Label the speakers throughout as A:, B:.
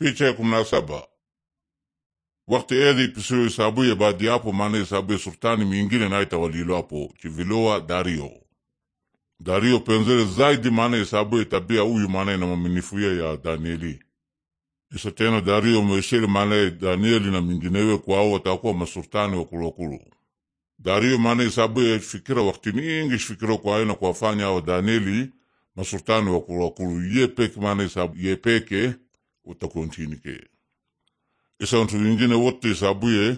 A: picha ya kumi na saba wakti eli pisiyo isabu ya baadi yapo maana isabu ya sultani mingine naitawalilapo chivilowa dario dario penzele zaidi maana isabu ya tabia uyu maana na maminifuya ya danieli isa tena dario mwesheli maana ya danieli na minginewe kwao watakuwa masultani kulokulu dario maana isabu ya fikira wakati mingi fikira kwayo na kuwafanya hao danieli masultani wakulokulu yepeke maana isabu yepeke utakuontinike isantu nyingine wote isabuye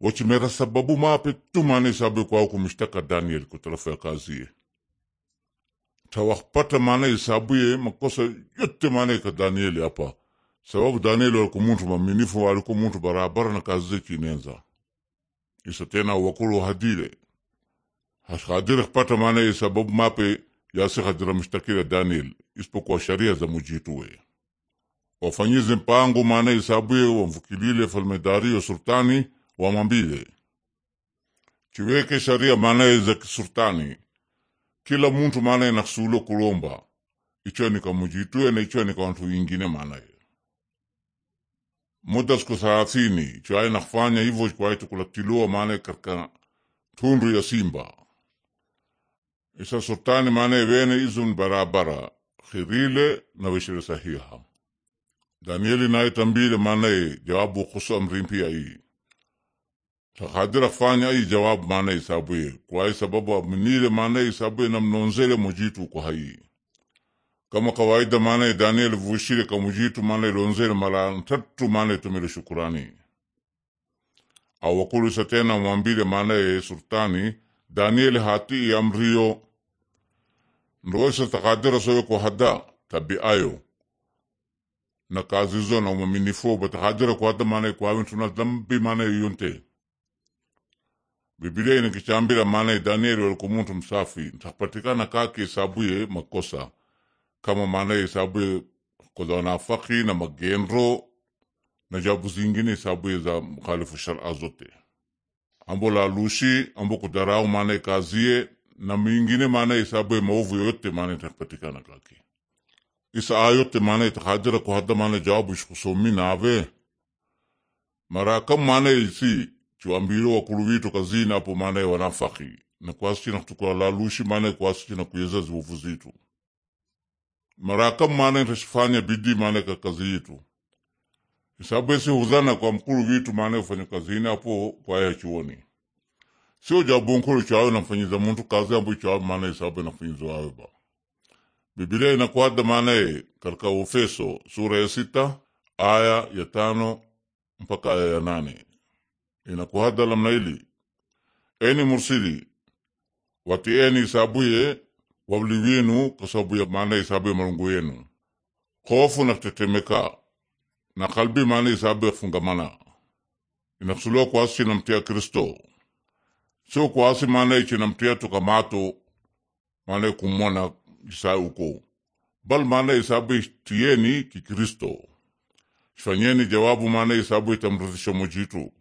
A: wachimera sababu mape tumane isabuye kwao kumshtaka Daniel kutarafu ya kazie tawakpata maana isabuye makosa yote maana ka Daniel hapa sababu Daniel walikuwa muntu maminifu walikuwa muntu barabara na kazi kinenza isa tena wakulu hadile hadire kpata maana sababu mape yasi hadira mshtakira Daniel isipokuwa sharia za mujituwe wafanyize mpango maana isabuye wamvukilile falme Dario sultani wamwambile chiweke sharia maanaye za kisultani kila muntu maanaye naksulo kulomba icho nikamujituye na icho nikawantu wingine maanaye muda siku thalathini chaye nakufanya hivyo kwaye tukulatiloa maanaye katika tundu ya simba isa sultani maanaye wene izo ni barabara khirile na weshire sahiha Danieli naye tambile manaye jawabu kusu amrimpi ai takadirak fanya ai jawabu manaye sabuye kwai sababu aminile manaye sabuye namnonzele mujitu kuhai kama kawaida manaye Danieli vushile kamujitu manaye lonzele mala tatu manaye tumile shukurani awakulisa tena mwambile manaye sultani Danieli hatii amriyo ndoisa takadira soyo kuhada tabi ayo na kazizo na umaminifu batahajira kwata maana kwawintuna dhambi maana yonte Biblia inakichambira mane Danieli walikuwa muntu msafi ntapatikana kake isabuye makosa kama mane isabuye kwa nafaki na magenro na jabu zingine isabuye za mkhalifu sharia zote ambo la lushi ambo kudarau mane kazie na mingine maana isabuye maovu yote mane tapatikana kake isa ayote maana itakadira ko hada maana jawabu iskusomi nave marakam mana isi chuambiro wakulu wito kazina apo maana ya wanafaki na kuasichina kutukulalushi maana kuasichina kuyeza ziwovu zitu maraka maana itasifanya bidi mana ka kazi yitu isabu esi huzana kwa mkulu witu mana ufanya kazini apo kwaya chuoni sio jabu nkulu chawe namfanyiza muntu kazi ambu chawe mana isabu nafanyiza wawe ba Biblia maana maanaye katika Waefeso sura ya sita aya ya tano mpaka aya ya nane inakuhada namna hili eni mursili watieni hisabu ye wabli winu kwa sababu ya maana hisabu ya marungu yenu hofu tetemeka na kalbi maana hisabu ya fungamana inakusuliwa na mtia Kristo sio kuasi maana mtia tukamato maana kumwona uko Kisau, bali maana hesabu ki kristo ifanyeni jawabu, maana hesabu itamridhisha mujitu.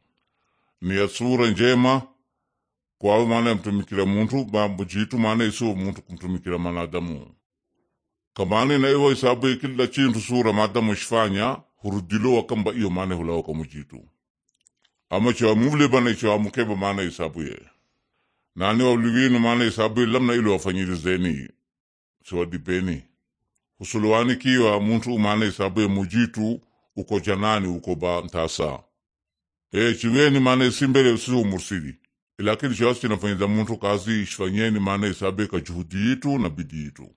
A: Ni asura sura njema kwawe, maana yamtumikila muntu mujitu, maana isiwo muntu kumtumikila manadamu kamani na iwo hesabu ikila chintu sura madamu ishifanya hurudilowa kamba iyo maana hulawoka mujitu ama chawamulibana ichawamukeba mana hesabu ye nani wauliwinu maana hesabu lamna ilo wafanyilizeni siwadibeni kiwa muntu isabu ya mujitu uko janani uko ba ntasa e chingeni maana isimbele sizo umursidi lakini shawasi chinafanyiza muntu kazi ishifanyeni maana isabe kajuhudi itu na bidi yitu